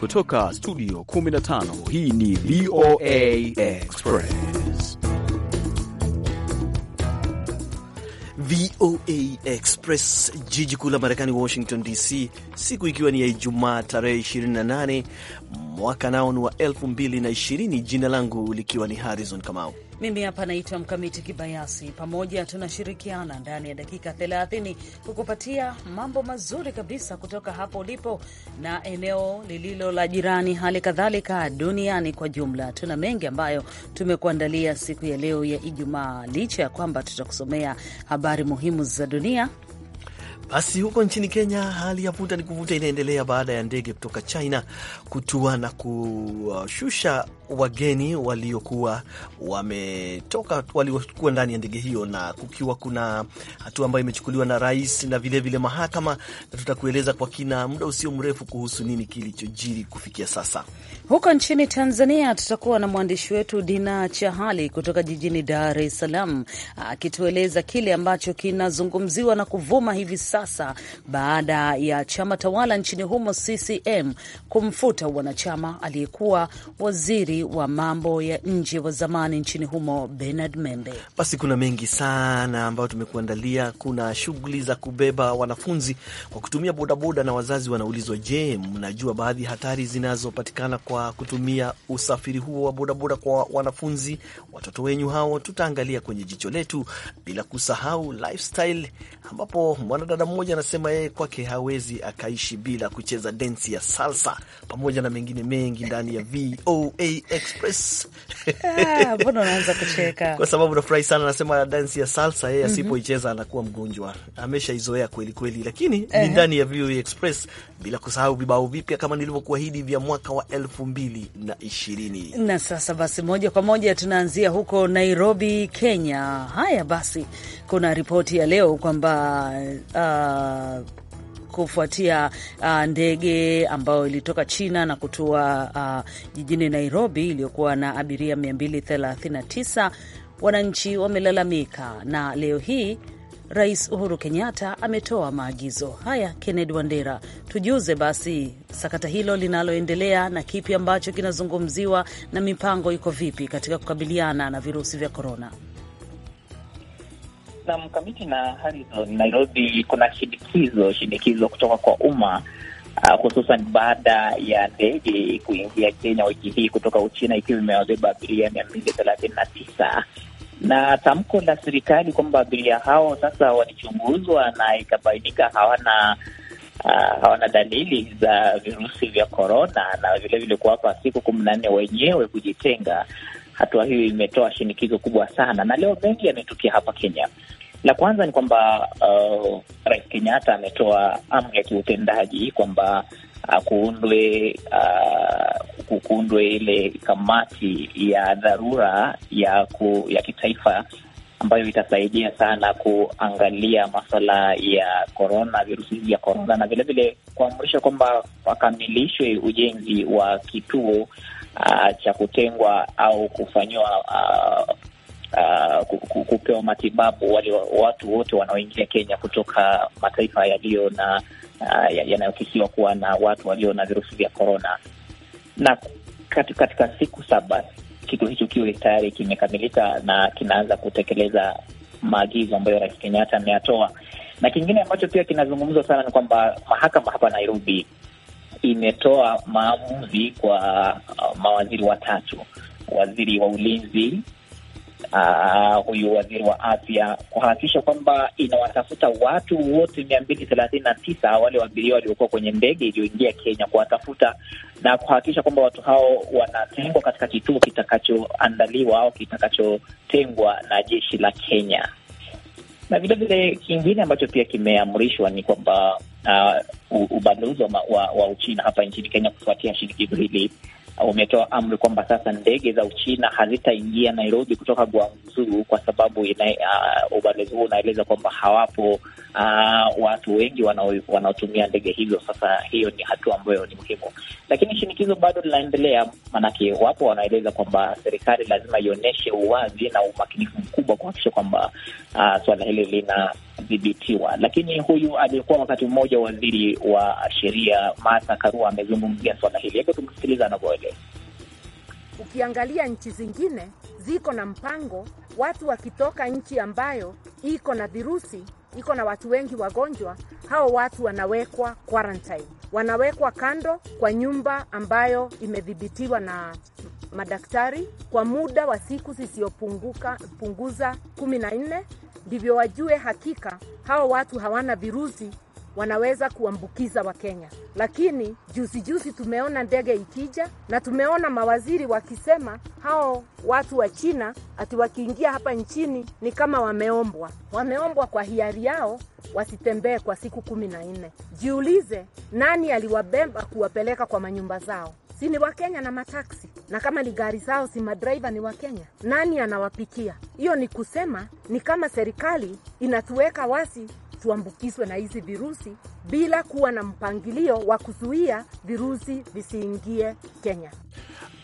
Kutoka studio 15 hii ni VOA Express. VOA Express, jiji kuu la Marekani, Washington DC, siku ikiwa ni ya Ijumaa tarehe 28 mwaka nao ni wa 2020, jina langu likiwa ni Harrison Kamau mimi hapa naitwa Mkamiti Kibayasi. Pamoja tunashirikiana ndani ya dakika 30 kukupatia mambo mazuri kabisa kutoka hapo ulipo na eneo lililo la jirani, hali kadhalika duniani kwa jumla. Tuna mengi ambayo tumekuandalia siku ya leo ya Ijumaa, licha ya kwamba tutakusomea habari muhimu za dunia. Basi huko nchini Kenya, hali ya vuta ni kuvuta inaendelea baada ya ndege kutoka China kutua na kushusha wageni waliokuwa wametoka waliokuwa ndani ya ndege hiyo, na kukiwa kuna hatua ambayo imechukuliwa na rais na vilevile vile mahakama, na tutakueleza kwa kina muda usio mrefu kuhusu nini kilichojiri kufikia sasa. Huko nchini Tanzania tutakuwa na mwandishi wetu Dina Chahali kutoka jijini Dar es Salaam akitueleza kile ambacho kinazungumziwa na kuvuma hivi sasa baada ya chama tawala nchini humo CCM kumfuta wanachama aliyekuwa waziri wa mambo ya nje wa zamani nchini humo Bernard Membe. Basi kuna mengi sana ambayo tumekuandalia. Kuna shughuli za kubeba wanafunzi kwa kutumia bodaboda, na wazazi wanaulizwa, je, mnajua baadhi ya hatari zinazopatikana kwa kutumia usafiri huo wa bodaboda kwa wanafunzi watoto wenyu hao? Tutaangalia kwenye jicho letu, bila kusahau lifestyle, ambapo mwanadada mmoja anasema yeye kwake hawezi akaishi bila kucheza densi ya salsa, pamoja na mengine mengi ndani ya VOA Express. Ah, mbona unaanza kucheka? Kwa sababu nafurahi sana, anasema dansi ya salsa yeye mhm. asipoicheza mm -hmm. anakuwa mgonjwa, ameshaizoea kweli kweli, lakini ni uh eh. -huh. ndani ya VOA Express, bila kusahau vibao vipya kama nilivyokuahidi vya mwaka wa elfu mbili na ishirini. Na sasa basi, moja kwa moja tunaanzia huko Nairobi, Kenya. Haya basi, kuna ripoti ya leo kwamba uh, kufuatia uh, ndege ambayo ilitoka China na kutua uh, jijini Nairobi iliyokuwa na abiria 239. Wananchi wamelalamika na leo hii Rais Uhuru Kenyatta ametoa maagizo haya. Kennedy Wandera, tujuze basi sakata hilo linaloendelea na kipi ambacho kinazungumziwa na mipango iko vipi katika kukabiliana na virusi vya korona? na mkamiti na Harrison, Nairobi kuna shinikizo shinikizo kutoka kwa umma uh, hususan baada ya ndege kuingia Kenya wiki hii kutoka Uchina ikiwa imewabeba abiria mia mbili thelathini na tisa na tamko la serikali kwamba abiria hao sasa walichunguzwa na ikabainika hawana Uh, hawana dalili za virusi vya korona na vilevile kuwapa siku kumi na nne wenyewe kujitenga. Hatua hiyo imetoa shinikizo kubwa sana, na leo mengi yametukia hapa Kenya. La kwanza ni kwamba uh, Rais Kenyatta ametoa amri ya kiutendaji kwamba uh, kuundwe uh, kuundwe ile kamati ya dharura ya, ku, ya kitaifa ambayo itasaidia sana kuangalia maswala ya korona, virusi vya korona na vilevile kuamrisha kwamba wakamilishwe ujenzi wa kituo uh, cha kutengwa au kufanyiwa uh, uh, kupewa matibabu wale watu wote wanaoingia Kenya kutoka mataifa yaliyo na uh, yanayokisiwa kuwa na watu walio na virusi vya korona, na katika, katika siku saba kitu hicho kiwe tayari kimekamilika na kinaanza kutekeleza maagizo ambayo Rais Kenyatta ameyatoa. Na kingine ambacho pia kinazungumzwa sana ni kwamba mahakama hapa Nairobi imetoa maamuzi kwa uh, mawaziri watatu, waziri wa ulinzi, Ah, huyu waziri wa afya kuhakikisha kwamba inawatafuta watu wote mia mbili thelathini na tisa wale waabiria waliokuwa kwenye ndege iliyoingia Kenya, kuwatafuta na kuhakikisha kwamba watu hao wanatengwa katika kituo kitakachoandaliwa au kitakachotengwa na jeshi la Kenya. Na vilevile kingine ambacho pia kimeamrishwa ni kwamba uh, ubalozi wa, wa, wa Uchina hapa nchini Kenya kufuatia shinikizo hili umetoa amri kwamba sasa ndege za Uchina hazitaingia Nairobi kutoka Guangzhou kwa sababu uh, ubalozi uh, huu unaeleza kwamba hawapo Aa, ah, watu wengi wanaotumia ndege hizo. Sasa hiyo ni hatua ambayo ni muhimu, lakini shinikizo bado linaendelea, maanake wapo wanaeleza kwamba serikali lazima ionyeshe uwazi na umakinifu mkubwa kuhakikisha kwamba ah, suala hili linadhibitiwa. Lakini huyu aliyekuwa wakati mmoja waziri wa sheria Martha Karua amezungumzia suala hili, hebu tumsikiliza anavyoeleza. Ukiangalia nchi zingine ziko na mpango, watu wakitoka nchi ambayo iko na virusi iko na watu wengi wagonjwa, hao watu wanawekwa quarantine, wanawekwa kando kwa nyumba ambayo imedhibitiwa na madaktari kwa muda wa siku zisiyopunguka punguza kumi na nne ndivyo wajue hakika hao watu hawana virusi wanaweza kuambukiza Wakenya. Lakini juzi juzi tumeona ndege ikija na tumeona mawaziri wakisema hao watu wa China ati wakiingia hapa nchini ni kama wameombwa, wameombwa kwa hiari yao wasitembee kwa siku kumi na nne. Jiulize, nani aliwabeba kuwapeleka kwa manyumba zao? Si ni Wakenya na mataksi, na kama ni gari zao, si madraiva ni Wakenya? Nani anawapikia? Hiyo ni kusema ni kama serikali inatuweka wasi tuambukizwe na hizi virusi bila kuwa na mpangilio wa kuzuia virusi visiingie Kenya.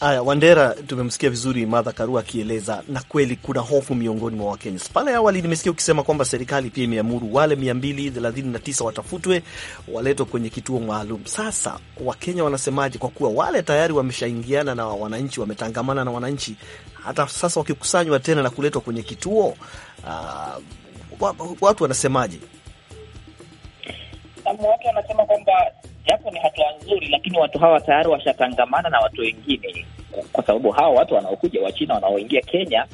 Aya, Wandera, tumemsikia vizuri Martha Karua akieleza, na kweli kuna hofu miongoni mwa Wakenya. Pale awali nimesikia ukisema kwamba serikali pia imeamuru wale 239 watafutwe, waletwe kwenye kituo maalum. Sasa Wakenya wanasemaje, kwa kuwa wale tayari wameshaingiana na wananchi, wametangamana na wananchi, hata sasa wakikusanywa tena na kuletwa kwenye kituo, uh, watu wanasemaje? sababu watu wanasema kwamba japo ni hatua nzuri, lakini watu hawa tayari washatangamana na watu wengine, kwa sababu hawa watu wanaokuja Wachina wanaoingia Kenya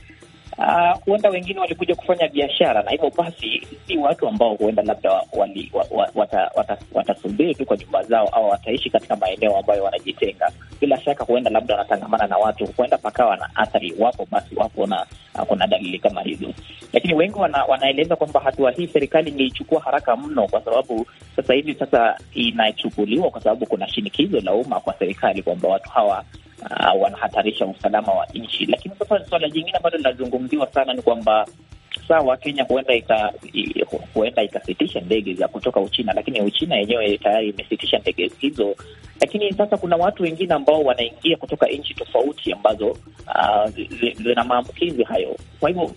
Uh, huenda wengine walikuja kufanya biashara na hivyo basi si watu ambao huenda labda watasubiri wata, wata, wata tu kwa nyumba zao au wataishi katika maeneo ambayo wanajitenga bila shaka huenda labda wanatangamana na watu, huenda pakawa na athari iwapo basi wapo na kuna dalili kama hizo. Lakini wengi wana, wanaeleza kwamba hatua hii serikali ingeichukua haraka mno, kwa sababu sasa hivi sasa inachukuliwa kwa sababu kuna shinikizo la umma kwa serikali kwamba watu hawa uh, wanahatarisha usalama wa nchi. Lakini sasa suala jingine ambalo linazungumziwa sana ni kwamba sawa, Kenya huenda ika, huenda ikasitisha ndege za kutoka Uchina, lakini Uchina yenyewe tayari imesitisha ndege hizo. Lakini sasa kuna watu wengine ambao wanaingia kutoka nchi tofauti ambazo uh, zina maambukizi hayo, kwa hivyo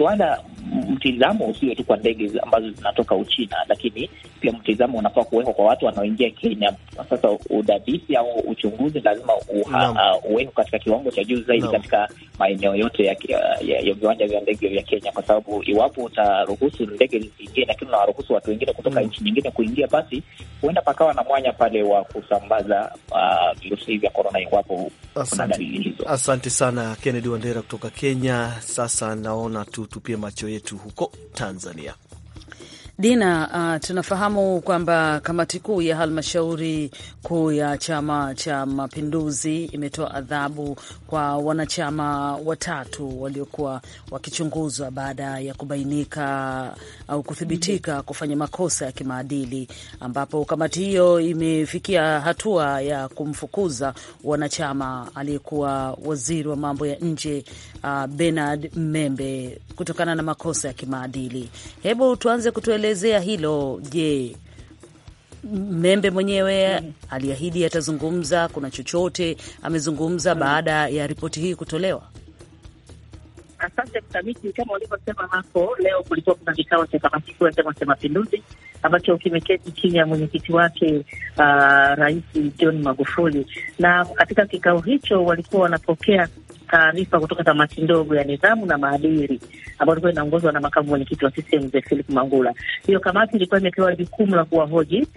swala mtizamo usio tu kwa ndege ambazo zinatoka Uchina, lakini pia mtizamo unafaa kuwekwa kwa watu wanaoingia Kenya. Sasa udadisi au uchunguzi lazima uh, uwekwe katika kiwango cha juu zaidi katika maeneo yote ya, ya, ya viwanja vya ndege vya Kenya, kwa sababu iwapo utaruhusu ndege zisiingie, lakini unawaruhusu watu wengine kutoka mm. nchi nyingine kuingia, basi huenda pakawa na mwanya pale wa kusambaza uh, virusi vya korona iwapo kuna dalili hizo. Asante sana Kennedy Wandera kutoka Kenya. Sasa naona tu tutupie macho yetu huko Tanzania. Dina, uh, tunafahamu kwamba kamati kuu ya halmashauri kuu ya Chama cha Mapinduzi imetoa adhabu kwa wanachama watatu waliokuwa wakichunguzwa baada ya kubainika au kuthibitika kufanya makosa ya kimaadili, ambapo kamati hiyo imefikia hatua ya kumfukuza wanachama aliyekuwa waziri wa mambo ya nje uh, Bernard Membe kutokana na makosa ya kimaadili. Hebu tuanze kutuele kuelezea hilo. Je, Membe mwenyewe mm aliahidi atazungumza? Kuna chochote amezungumza mm baada ya ripoti hii kutolewa? Asante samiti kama walivyosema hapo, leo kulikuwa kuna kikao cha kamati kuu ya Chama cha Mapinduzi ambacho kimeketi chini ya mwenyekiti wake uh, Rais John Magufuli, na katika kikao hicho walikuwa wanapokea taarifa kutoka kamati ndogo ya nidhamu na maadili ambayo ilikuwa inaongozwa na makamu mwenyekiti wa CCM mzee Philip Mangula. Hiyo kamati ilikuwa imepewa jukumu la kuwahoji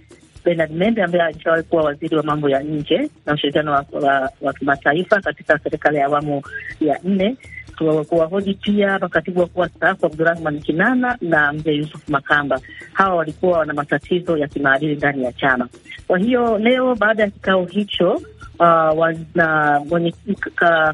Bernard Membe ambaye alishawahi kuwa waziri wa mambo ya nje na ushirikiano wa, wa, wa kimataifa katika serikali ya awamu ya nne, kuwahoji pia makatibu wakuu wastaafu Abdurahman Kinana na mzee Yusuf Makamba. Hawa walikuwa wana matatizo ya kimaadili ndani ya chama. Kwa hiyo leo baada ya kikao hicho uh, wana, mwenye,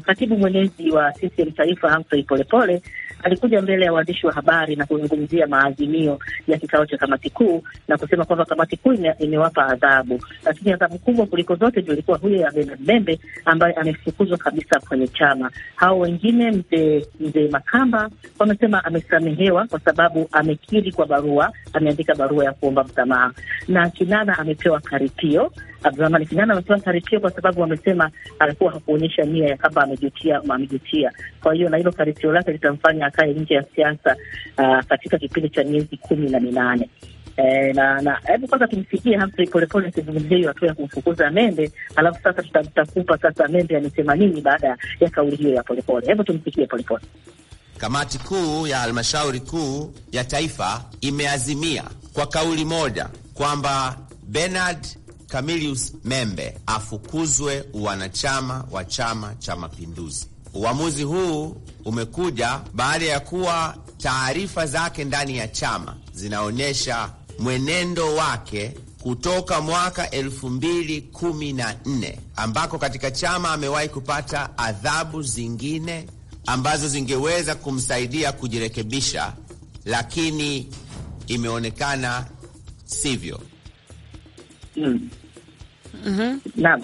katibu mwenyezi wa CCM taifa Humphrey Polepole alikuja mbele ya waandishi wa habari na kuzungumzia maazimio ya kikao cha kamati kuu na kusema kwamba kamati kuu imewapa adhabu, lakini adhabu kubwa kuliko zote ndio ilikuwa huyo ya Bernard Membe ambaye amefukuzwa kabisa kwenye chama. Hao wengine, mzee mzee Makamba wamesema amesamehewa kwa sababu amekiri kwa barua, ameandika barua ya kuomba msamaha, na Kinana amepewa karipio Abdurahmani Kinana ametoa karipio kwa sababu amesema alikuwa hakuonyesha nia ya kama amejutia amejutia. Kwa hiyo na hilo karipio lake litamfanya akae nje ya siasa uh, katika kipindi cha miezi kumi na minane. E, na na hebu kwanza tumsikie Humphrey Polepole akizungumzia hiyo hatua ya kumfukuza Mende, alafu sasa tutakupa sasa Mende amesema nini baada ya kauli hiyo ya Polepole. Hebu tumsikie Polepole. Kamati kuu ya halmashauri kuu ya taifa imeazimia kwa kauli moja kwamba Bernard Camilius Membe afukuzwe uwanachama wa Chama cha Mapinduzi. Uamuzi huu umekuja baada ya kuwa taarifa zake ndani ya chama zinaonyesha mwenendo wake kutoka mwaka elfu mbili kumi na nne ambako katika chama amewahi kupata adhabu zingine ambazo zingeweza kumsaidia kujirekebisha, lakini imeonekana sivyo. Hmm. Mm-hmm. Naam.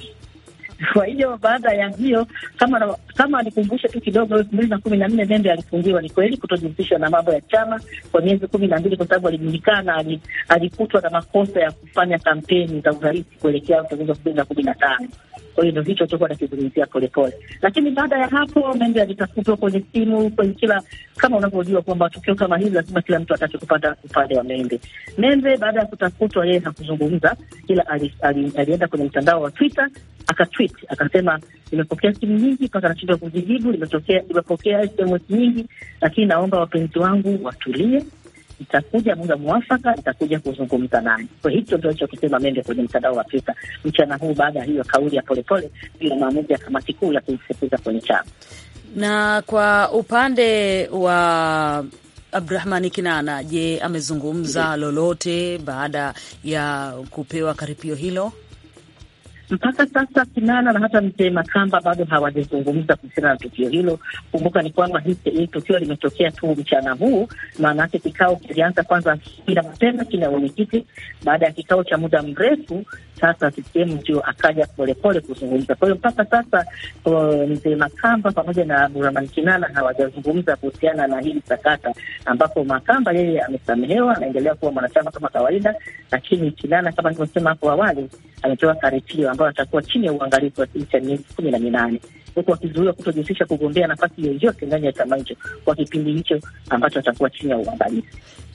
Kwa hiyo baada ya hiyo, kama kama nikumbushe tu kidogo, elfu mbili na kumi na nne nembe alifungiwa, ni kweli, kutojihusisha na mambo ya chama kwa miezi kumi na mbili kwa sababu alijulikana, alikutwa na makosa ya kufanya kampeni za urais kuelekea uchaguzi wa elfu mbili na kumi na tano. Kwa hiyo ndo hicho tulikuwa nakizungumzia Polepole, lakini baada ya hapo mengi yalitafutwa kwenye simu, kwenye kila, kama unavyojua kwamba tukio kama hili lazima kila mtu atake kupanda upande wa Membe. Membe baada ya kutafutwa, yeye hakuzungumza, ila alienda kwenye mtandao wa Twitter akatweet akasema, nimepokea simu nyingi mpaka nashindwa kujijibu nimepokea SMS nyingi, lakini naomba wapenzi wangu watulie itakuja muda mwafaka, itakuja kuzungumza naye. Kwa hicho ndio kisema Membe kwenye mtandao wa Twitter mchana huu, baada ya hiyo kauli ya Polepole bila pole, maamuzi ya kamati kuu ya kuifukuza kwenye chama. Na kwa upande wa Abdurahmani Kinana, je, amezungumza lolote baada ya kupewa karipio hilo? Mpaka sasa Kinana na hata mzee Makamba bado hawajazungumza kuhusiana na tukio hilo. Kumbuka ni kwamba hii tukio limetokea tu mchana huu, maana yake kikao kilianza kwanza kila mapema kina mwenyekiti. Baada ya kikao cha muda mrefu, sasa sisehemu ndio akaja polepole kuzungumza. Kwa hiyo mpaka sasa mzee Makamba pamoja na Abdurahman Kinana hawajazungumza kuhusiana na hili sakata, ambapo Makamba yeye amesamehewa, anaendelea kuwa mwanachama kama kawaida, lakini Kinana kama nilivyosema hapo awali ametoa karipio ambao watakuwa chini ya uangalizi wa kiti cha miezi kumi na minane huku wakizuiwa kutojihusisha kugombea nafasi yoyote ndani ya chama hicho kwa kipindi hicho ambacho watakuwa chini ya uangalizi.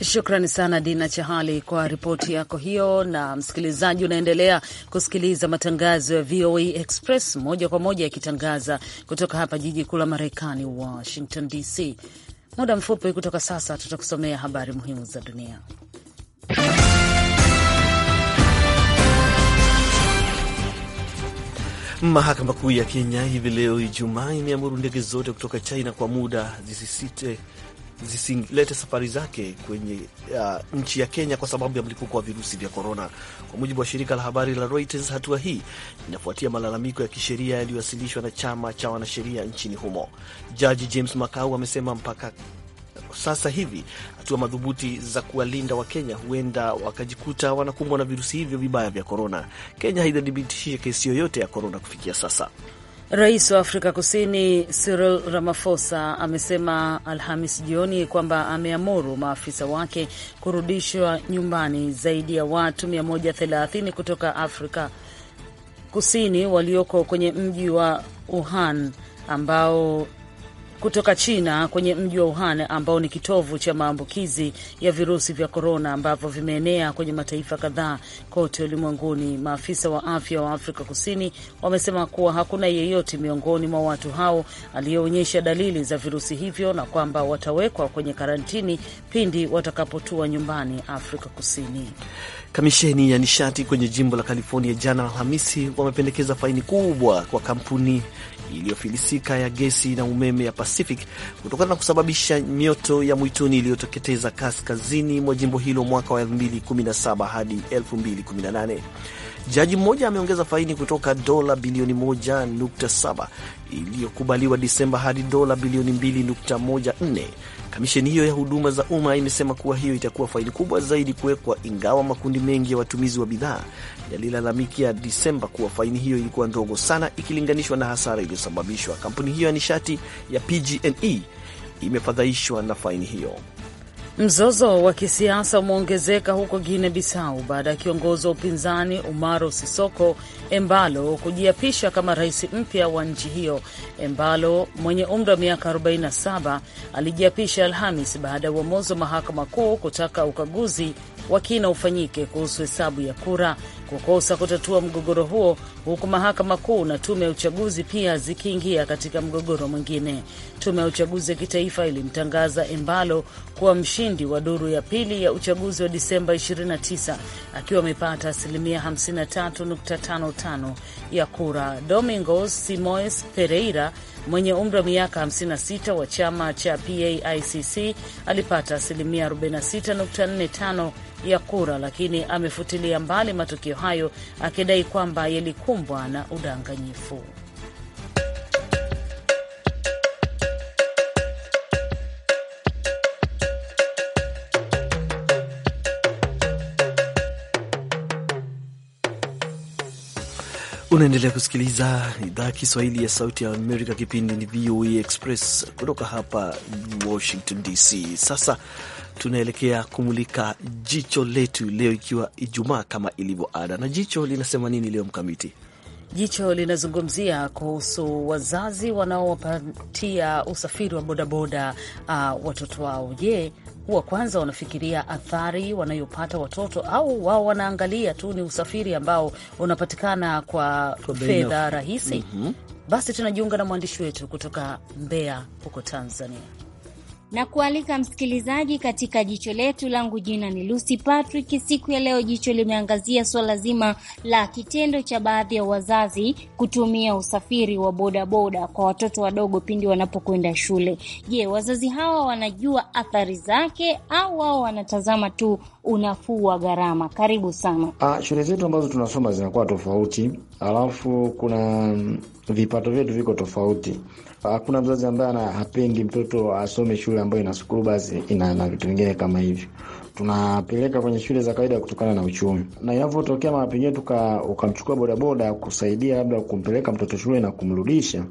Shukrani sana Dina Chahali kwa ripoti yako hiyo. Na msikilizaji, unaendelea kusikiliza matangazo ya VOA Express moja kwa moja yakitangaza kutoka hapa jiji kuu la Marekani, Washington DC. Muda mfupi kutoka sasa, tutakusomea habari muhimu za dunia. Mahakama Kuu ya Kenya hivi leo Ijumaa imeamuru ndege zote kutoka China kwa muda zisisite zisilete safari zake kwenye uh, nchi ya Kenya kwa sababu ya mlipuko wa virusi vya korona. Kwa mujibu wa shirika la habari la Reuters, hatua hii inafuatia malalamiko ya kisheria yaliyowasilishwa na chama cha wanasheria nchini humo. Jaji James Makau amesema mpaka sasa hivi hatua madhubuti za kuwalinda Wakenya huenda wakajikuta wanakumbwa na virusi hivyo vibaya vya korona. Kenya haijathibitisha kesi yoyote ya korona kufikia sasa. Rais wa Afrika Kusini Cyril Ramaphosa amesema Alhamis jioni kwamba ameamuru maafisa wake kurudishwa nyumbani zaidi ya watu 130 kutoka Afrika Kusini walioko kwenye mji wa Wuhan ambao kutoka China kwenye mji wa Wuhan ambao ni kitovu cha maambukizi ya virusi vya korona ambavyo vimeenea kwenye mataifa kadhaa kote ulimwenguni. Maafisa wa afya wa Afrika Kusini wamesema kuwa hakuna yeyote miongoni mwa watu hao aliyeonyesha dalili za virusi hivyo na kwamba watawekwa kwenye karantini pindi watakapotua nyumbani Afrika Kusini. Kamisheni ya nishati kwenye jimbo la California jana Alhamisi wamependekeza faini kubwa kwa kampuni iliyofilisika ya gesi na umeme ya Pacific kutokana na kusababisha mioto ya mwituni iliyoteketeza kaskazini mwa jimbo hilo mwaka wa 2017 hadi 2018. Jaji mmoja ameongeza faini kutoka dola bilioni 1.7 iliyokubaliwa Disemba hadi dola bilioni 2.14. Kamisheni hiyo ya huduma za umma imesema kuwa hiyo itakuwa faini kubwa zaidi kuwekwa, ingawa makundi mengi ya watumizi wa bidhaa yalilalamikia Disemba kuwa faini hiyo ilikuwa ndogo sana ikilinganishwa na hasara iliyosababishwa. Kampuni hiyo ya nishati ya PG&E imefadhaishwa na faini hiyo. Mzozo wa kisiasa umeongezeka huko Guinea Bissau baada ya kiongozi wa upinzani Umaro Sisoko Embalo kujiapisha kama rais mpya wa nchi hiyo. Embalo mwenye umri wa miaka 47 alijiapisha Alhamis baada ya uamuzi wa mahakama kuu kutaka ukaguzi wa kina ufanyike kuhusu hesabu ya kura kukosa kutatua mgogoro huo, huku mahakama kuu na tume ya uchaguzi pia zikiingia katika mgogoro mwingine. Tume ya uchaguzi ya kitaifa ilimtangaza Embalo kuwa mshindi wa duru ya pili ya uchaguzi wa Disemba 29 akiwa amepata asilimia 535 tano ya kura. Domingos Simoes Pereira mwenye umri wa miaka 56 wa chama cha PAICC alipata asilimia 46.45 ya kura, lakini amefutilia mbali matukio hayo akidai kwamba yalikumbwa na udanganyifu. Unaendelea kusikiliza idhaa ya Kiswahili ya Sauti ya Amerika. Kipindi ni VOA Express kutoka hapa Washington DC. Sasa tunaelekea kumulika jicho letu leo, ikiwa Ijumaa kama ilivyo ada, na jicho linasema nini leo, Mkamiti? Jicho linazungumzia kuhusu wazazi wanaowapatia usafiri wa bodaboda uh, watoto wao. Je, huwa kwanza wanafikiria athari wanayopata watoto, au wao wanaangalia tu ni usafiri ambao unapatikana kwa, fedha rahisi. mm -hmm. Basi tunajiunga na mwandishi wetu kutoka Mbeya huko Tanzania na kualika msikilizaji katika jicho letu. Langu jina ni Lucy Patrick. Siku ya leo jicho limeangazia suala zima la kitendo cha baadhi ya wazazi kutumia usafiri wa bodaboda kwa watoto wadogo pindi wanapokwenda shule. Je, wazazi hawa wanajua athari zake au wao wanatazama tu unafuu wa gharama? Karibu sana. Ah, shule zetu ambazo tunasoma zinakuwa tofauti, alafu kuna mm, vipato vyetu viko tofauti Ah, hakuna mzazi ambaye hapendi mtoto asome shule ambayo ina basi ina na vitu vingine kama hivyo tunapeleka kwenye shule za kawaida kutokana na uchumi, na inavyotokea mara pengine tuka ukamchukua bodaboda kusaidia labda kumpeleka mtoto shule na kumrudisha,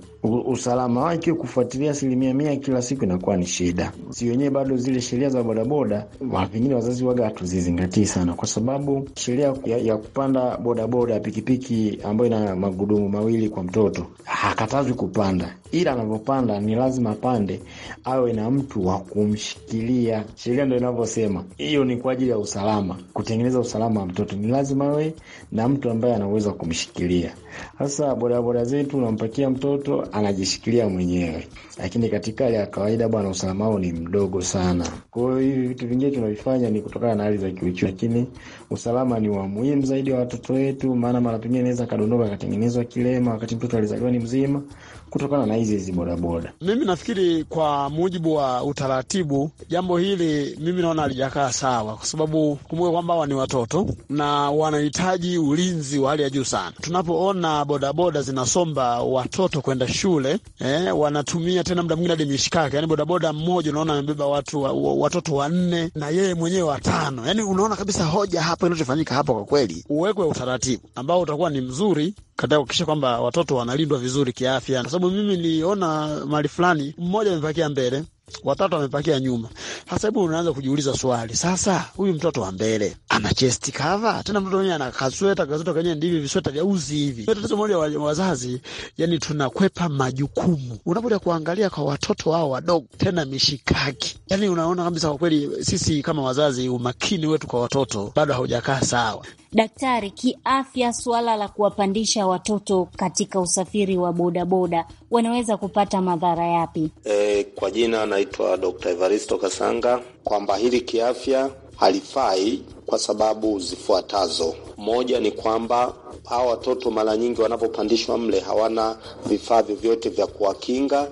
usalama wake kufuatilia asilimia mia kila siku inakuwa ni shida. Si wenyewe bado zile sheria za bodaboda, mara pengine wazazi waga hatuzizingatii sana, kwa sababu sheria ya, ya kupanda bodaboda pikipiki ambayo ina magudumu mawili kwa mtoto hakatazwi kupanda, ila anavyopanda ni lazima apande awe na mtu wa kumshikilia. Sheria ndo inavyosema hiyo hiyo ni kwa ajili ya usalama, kutengeneza usalama wa mtoto. Ni lazima awe na mtu ambaye anaweza kumshikilia. Sasa bodaboda zetu unampakia mtoto anajishikilia mwenyewe, lakini katika hali ya kawaida bwana, usalama wao ni mdogo sana. Kwa hiyo hivi vitu vingine tunavifanya ni kutokana na hali za kiuchumi, lakini usalama ni wa muhimu zaidi wa watoto wetu, maana mara pengine inaweza kadondoka akatengenezwa kilema wakati mtoto alizaliwa ni mzima kutokana na hizi hizi bodaboda. Mimi nafikiri kwa mujibu wa utaratibu, jambo hili mimi naona halijakaa sawa, kwa sababu kumbuka kwamba hawa ni watoto na wanahitaji ulinzi wa hali ya juu sana. Tunapoona bodaboda zinasomba watoto kwenda shule eh, wanatumia tena muda mwingine hadi mishikaki, yani bodaboda mmoja unaona amebeba watu wa, wa, watoto wanne na yeye mwenyewe watano, yani unaona kabisa hoja hapo inachofanyika hapo kwa kweli uwekwe utaratibu ambao utakuwa ni mzuri katika kuhakikisha kwamba watoto wanalindwa vizuri kiafya sababu mimi niliona mali fulani mmoja amepakia mbele watatu wamepakia nyuma. Sasa hebu unaanza kujiuliza swali, sasa huyu mtoto wa mbele ana chest cover tena, mtoto mwenyewe ana kasweta kasweta kenyewe ndivi visweta vya uzi hivi. Tatizo moja wa wazazi, yani tunakwepa majukumu. Unakuja kuangalia kwa watoto wao wadogo, tena mishikaki, yani unaona kabisa kwa kweli sisi kama wazazi, umakini wetu kwa watoto bado haujakaa sawa. Daktari, kiafya, suala la kuwapandisha watoto katika usafiri wa bodaboda wanaweza kupata madhara yapi? E, kwa jina na anaitwa Dr. Evaristo Kasanga kwamba hili kiafya halifai kwa sababu zifuatazo. Moja ni kwamba hawa watoto mara nyingi wanapopandishwa mle hawana vifaa vyovyote vya kuwakinga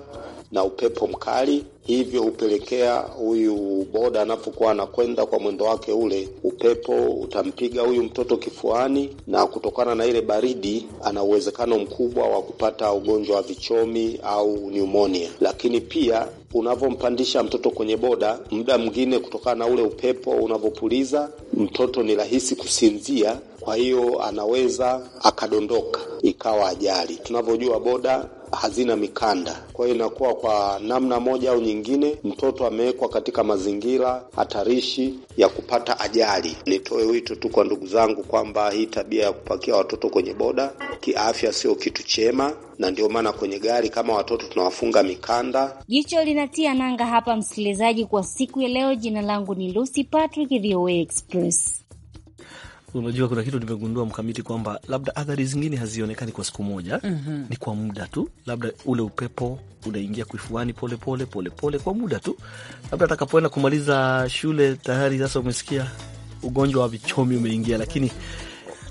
na upepo mkali hivyo hupelekea huyu boda anapokuwa anakwenda kwa mwendo wake ule, upepo utampiga huyu mtoto kifuani, na kutokana na ile baridi, ana uwezekano mkubwa wa kupata ugonjwa wa vichomi au pneumonia. Lakini pia unavyompandisha mtoto kwenye boda, muda mwingine, kutokana na ule upepo unavyopuliza, mtoto ni rahisi kusinzia, kwa hiyo anaweza akadondoka, ikawa ajali. Tunavyojua boda hazina mikanda. Kwa hiyo inakuwa kwa namna moja au nyingine, mtoto amewekwa katika mazingira hatarishi ya kupata ajali. Nitoe wito tu kwa ndugu zangu kwamba hii tabia ya kupakia watoto kwenye boda kiafya sio kitu chema, na ndio maana kwenye gari kama watoto tunawafunga mikanda. Jicho linatia nanga hapa, msikilizaji, kwa siku ya leo. Jina langu ni Lucy Patrick, VOA Express. Unajua, kuna kitu nimegundua mkamiti, kwamba labda athari zingine hazionekani kwa siku moja mm -hmm. Ni kwa muda tu, labda ule upepo unaingia kifuani polepole polepole kwa muda tu, labda atakapoenda kumaliza shule tayari sasa umesikia ugonjwa wa vichomi umeingia, lakini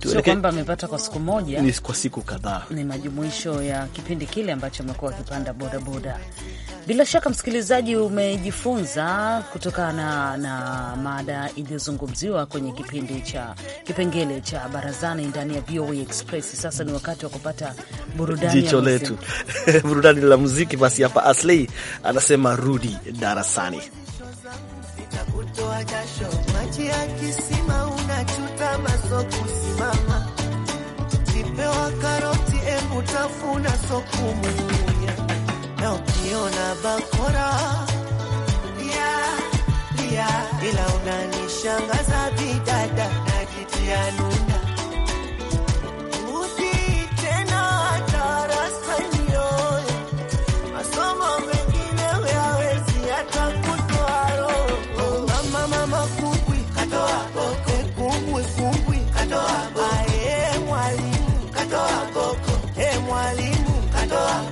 Sio kwamba amepata kwa siku moja, ni kwa siku kadhaa, ni majumuisho ya kipindi kile ambacho amekuwa akipanda bodaboda. Bila shaka, msikilizaji, umejifunza kutokana na mada iliyozungumziwa kwenye kipindi cha kipengele cha barazani ndani ya VOA e Express. Sasa ni wakati wa kupata burudani, jicho letu burudani la muziki. Basi hapa Asley anasema rudi darasani chuta maso kusimama, ukipewa karoti embu tafuna so kumumunya, na ukiona bakora lia lia, ila unanishangaza bidada, na nuru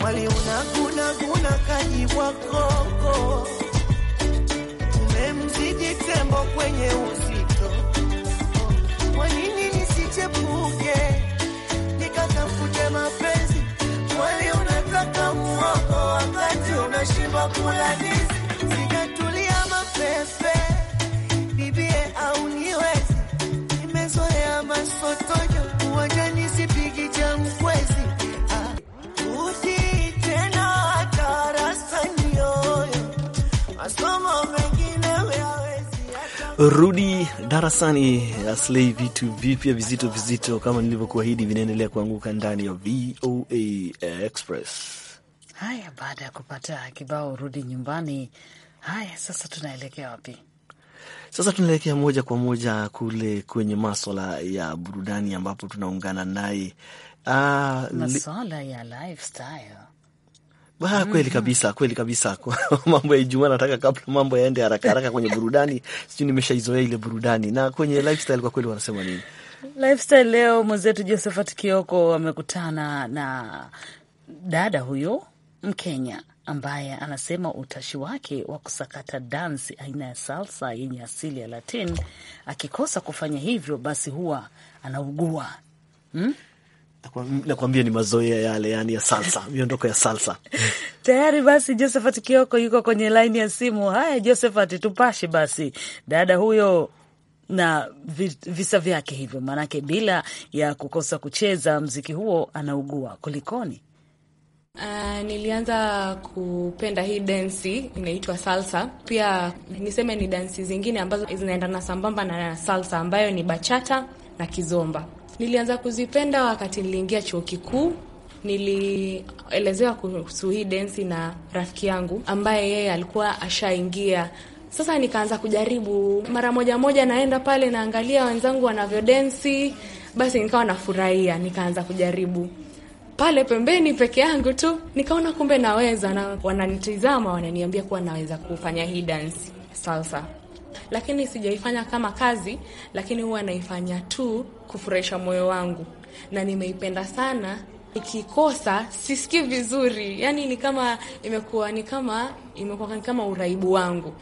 waliunagunaguna kajibwa koko, umemzidi tembo kwenye uzito. Kwa nini nisichepuke nikatafute mapenzi? Kwani unataka muoko wakati unashindwa kula? Rudi darasani, aslei, vitu vipya vizito vizito kama nilivyokuahidi vinaendelea kuanguka ndani ya VOA Express. Haya, baada ya kupata kibao rudi nyumbani. Haya, sasa tunaelekea wapi? Sasa tunaelekea moja kwa moja kule kwenye maswala ya burudani ambapo tunaungana naye ah, maswala ya lifestyle Ah, kweli mhm. kabisa, kweli kabisa. mambo ya Ijumaa nataka kabla mambo yaende haraka haraka kwenye burudani, sijui nimeshaizoea ile burudani. Na kwenye lifestyle kwa kweli wanasema nini? Lifestyle leo mwenzetu Josephat Kioko amekutana na dada huyo Mkenya ambaye anasema utashi wake wa kusakata dansi aina ya salsa yenye asili ya Latin, akikosa kufanya hivyo basi huwa anaugua hmm? Nakwambia ni mazoea yale, yani ya salsa, miondoko ya salsa tayari. Basi Josephat Kioko yuko kwenye laini ya simu. Haya Josephat, tupashe basi dada huyo na visa vyake hivyo, maanake bila ya kukosa kucheza mziki huo anaugua, kulikoni? Uh, nilianza kupenda hii densi inaitwa salsa. Pia niseme ni dansi zingine ambazo zinaendana sambamba na salsa ambayo ni bachata na kizomba. Nilianza kuzipenda wakati niliingia chuo kikuu. Nilielezewa kuhusu hii densi na rafiki yangu ambaye yeye alikuwa ashaingia sasa nikaanza kujaribu mara moja moja, naenda pale naangalia wenzangu wanavyodensi, basi nikawa nafurahia, nikaanza kujaribu pale pembeni peke yangu tu, nikaona kumbe naweza, na wananitizama wananiambia kuwa naweza kufanya hii dansi salsa lakini sijaifanya kama kazi, lakini huwa naifanya tu kufurahisha moyo wangu, na nimeipenda sana. ikikosa sisikii vizuri, yani ni kama imekuwa ni kama imekuwa kama uraibu wangu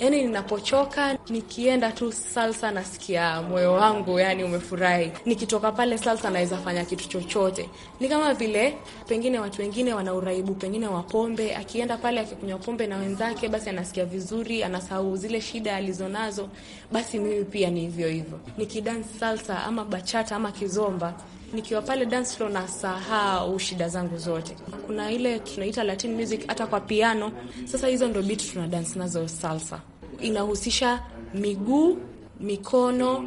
yani ninapochoka nikienda tu salsa nasikia moyo wangu yani umefurahi. Nikitoka pale salsa naweza fanya kitu chochote. Ni kama vile pengine watu wengine wana uraibu pengine wa pombe, akienda pale akikunywa pombe na wenzake, basi anasikia vizuri, anasahau zile shida alizonazo. Basi mimi pia ni hivyo hivyo, nikidansi salsa ama bachata ama kizomba Nikiwa pale dance floor nasahau shida zangu zote. Kuna ile tunaita Latin music hata kwa piano. Sasa hizo ndo beat tuna dance nazo salsa. Inahusisha miguu, mikono,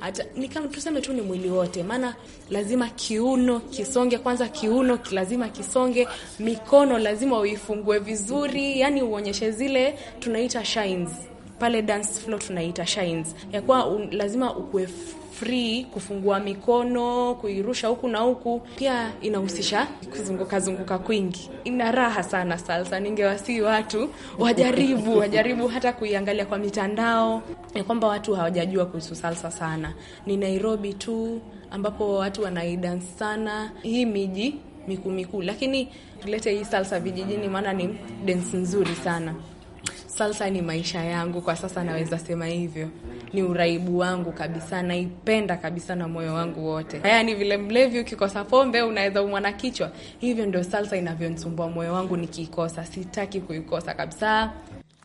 hata ni kama tuseme tu ni mwili wote, maana lazima kiuno kisonge kwanza, kiuno lazima kisonge, mikono lazima uifungue vizuri, yani uonyeshe zile tunaita shines pale dance floor tunaita shines, ya kuwa lazima ukue free kufungua mikono, kuirusha huku na huku. Pia inahusisha kuzunguka zunguka kwingi, ina raha sana salsa. Ningewasii watu wajaribu, wajaribu hata kuiangalia kwa mitandao, ya kwamba watu hawajajua kuhusu salsa sana. Ni Nairobi tu ambapo watu wanaidansi sana hii miji mikuu mikuu, lakini tulete hii salsa vijijini, maana ni densi nzuri sana. Salsa ni maisha yangu kwa sasa, naweza sema hivyo, ni uraibu wangu kabisa, naipenda kabisa na moyo wangu wote. Yaani vile mlevi ukikosa pombe unaweza umwa na kichwa, hivyo ndio salsa inavyonisumbua moyo wangu, nikiikosa sitaki kuikosa kabisa.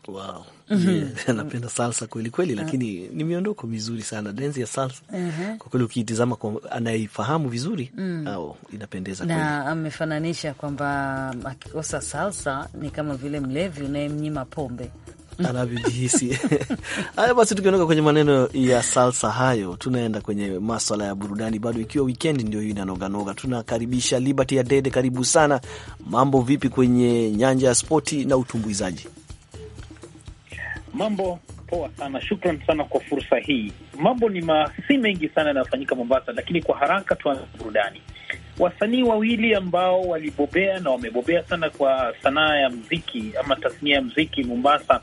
Wow. Mhm. anapenda salsa kweli kweli, ah. lakini ni miondoko mizuri sana densi ya salsa mhm. kwa kweli, ukiitizama kwa anayeifahamu vizuri mm. au inapendeza kweli. Na amefananisha kwamba akikosa salsa ni kama vile mlevi unayemnyima pombe anavyojihisi. Haya basi, tukiondoka kwenye maneno ya salsa hayo, tunaenda kwenye maswala ya burudani, bado ikiwa wikendi ndio hii inanoganoga. Tunakaribisha Liberty ya Dede, karibu sana. Mambo vipi kwenye nyanja ya spoti na utumbuizaji? Mambo poa sana, shukran sana kwa fursa hii. Mambo ni masi mengi sana yanayofanyika Mombasa, lakini kwa haraka tuanze burudani. Wasanii wawili ambao walibobea na wamebobea sana kwa sanaa ya mziki ama tasnia ya mziki Mombasa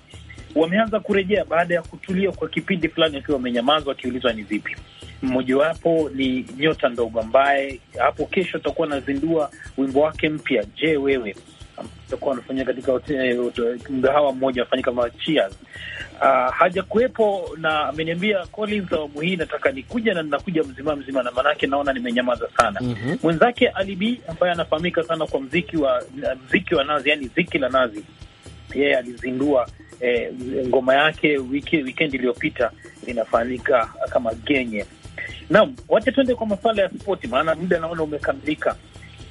wameanza kurejea baada ya kutulia kwa kipindi fulani wakiwa wamenyamazwa, wakiulizwa ni vipi. Mmojawapo ni nyota ndogo ambaye hapo kesho atakuwa anazindua wimbo wake mpya, Je Wewe tutakuwa anafanyia katika eh, mgahawa mmoja wanafanya kama Cheers. Uh, ah, kuwepo na ameniambia Collins, awamu hii nataka nikuja na ninakuja mzima mzima, na maanake naona nimenyamaza sana. mm -hmm. Mwenzake Alibi ambaye anafahamika sana kwa mziki wa mziki wa nazi, yani ziki la nazi, yeye yeah, alizindua eh, ngoma yake wiki, wikendi iliyopita inafahamika kama Genye. Naam, wacha tuende kwa masuala ya spoti, maana muda naona umekamilika.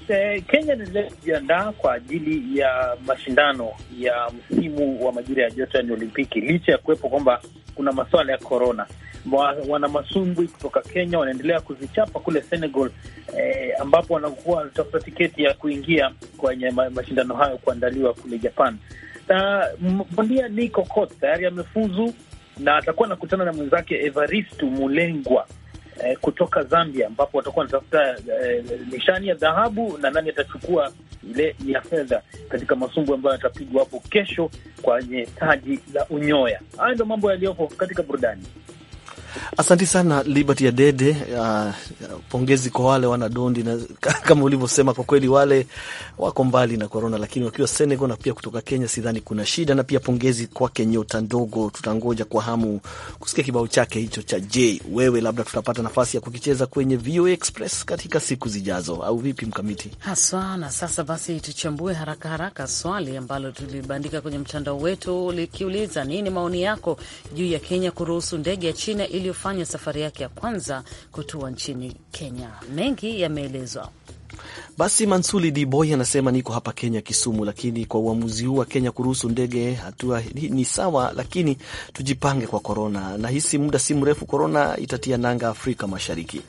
Eh, Kenya inaendelea kujiandaa kwa ajili ya mashindano ya msimu wa majira ya joto, yaani Olimpiki, licha ya kuwepo kwamba kuna masuala ya korona. Wanamasumbwi kutoka Kenya wanaendelea kuzichapa kule Senegal, eh, ambapo wanakuwa wanatafuta tiketi ya kuingia kwenye mashindano hayo kuandaliwa kule Japan. Na bondia Nick Okoth tayari amefuzu na atakuwa anakutana na mwenzake Evaristu Mulengwa eh, kutoka Zambia ambapo watakuwa wanatafuta eh, ya dhahabu na nani atachukua ile ya fedha katika masumbu ambayo yatapigwa hapo kesho kwenye taji la unyoya. Haya ndio mambo yaliyopo katika burudani. Asanti sana Liberty Adede. Uh, pongezi kwa wale wanadondi na kama ulivyosema, kwa kweli wale wako mbali na korona, lakini wakiwa Senegal na pia kutoka Kenya sidhani kuna shida, na pia pongezi kwake Nyota Ndogo. Tutangoja kwa hamu kusikia kibao chake hicho cha J wewe, labda tutapata nafasi ya kukicheza kwenye VOA Express katika siku zijazo, au vipi Mkamiti? Haswa. Na sasa basi tuchambue haraka haraka swali ambalo tulibandika kwenye mtandao wetu likiuliza, nini maoni yako juu ya Kenya kuruhusu ndege ya China ili iliyofanya safari yake ya kwanza kutua nchini Kenya. Mengi yameelezwa. Basi Mansuli D Boy anasema niko hapa Kenya, Kisumu, lakini kwa uamuzi huu wa Kenya kuruhusu ndege, hatua ni sawa, lakini tujipange kwa korona. Nahisi muda si mrefu korona itatia nanga Afrika Mashariki.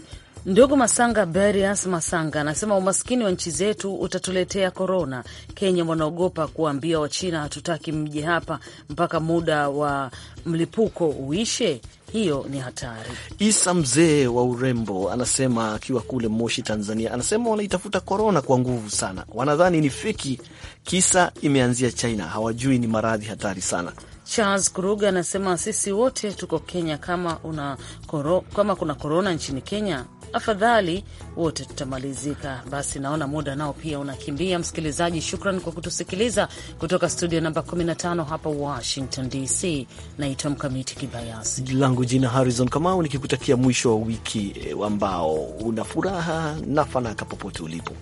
Ndugu Masanga Berias Masanga anasema umaskini wa nchi zetu utatuletea korona. Kenya wanaogopa kuwaambia Wachina hatutaki mje hapa mpaka muda wa mlipuko uishe hiyo ni hatari. Isa mzee wa urembo anasema akiwa kule Moshi, Tanzania, anasema wanaitafuta korona kwa nguvu sana, wanadhani ni feki, kisa imeanzia China, hawajui ni maradhi hatari sana. Charles Kuruga anasema sisi wote tuko Kenya, kama, una koro, kama kuna korona nchini Kenya afadhali wote tutamalizika. Basi naona muda nao pia unakimbia. Msikilizaji, shukran kwa kutusikiliza kutoka studio namba 15 hapa Washington DC. Naitwa Mkamiti Kibayasi langu jina Harrison Kamau, nikikutakia mwisho wa wiki eh, ambao una furaha na fanaka popote ulipo.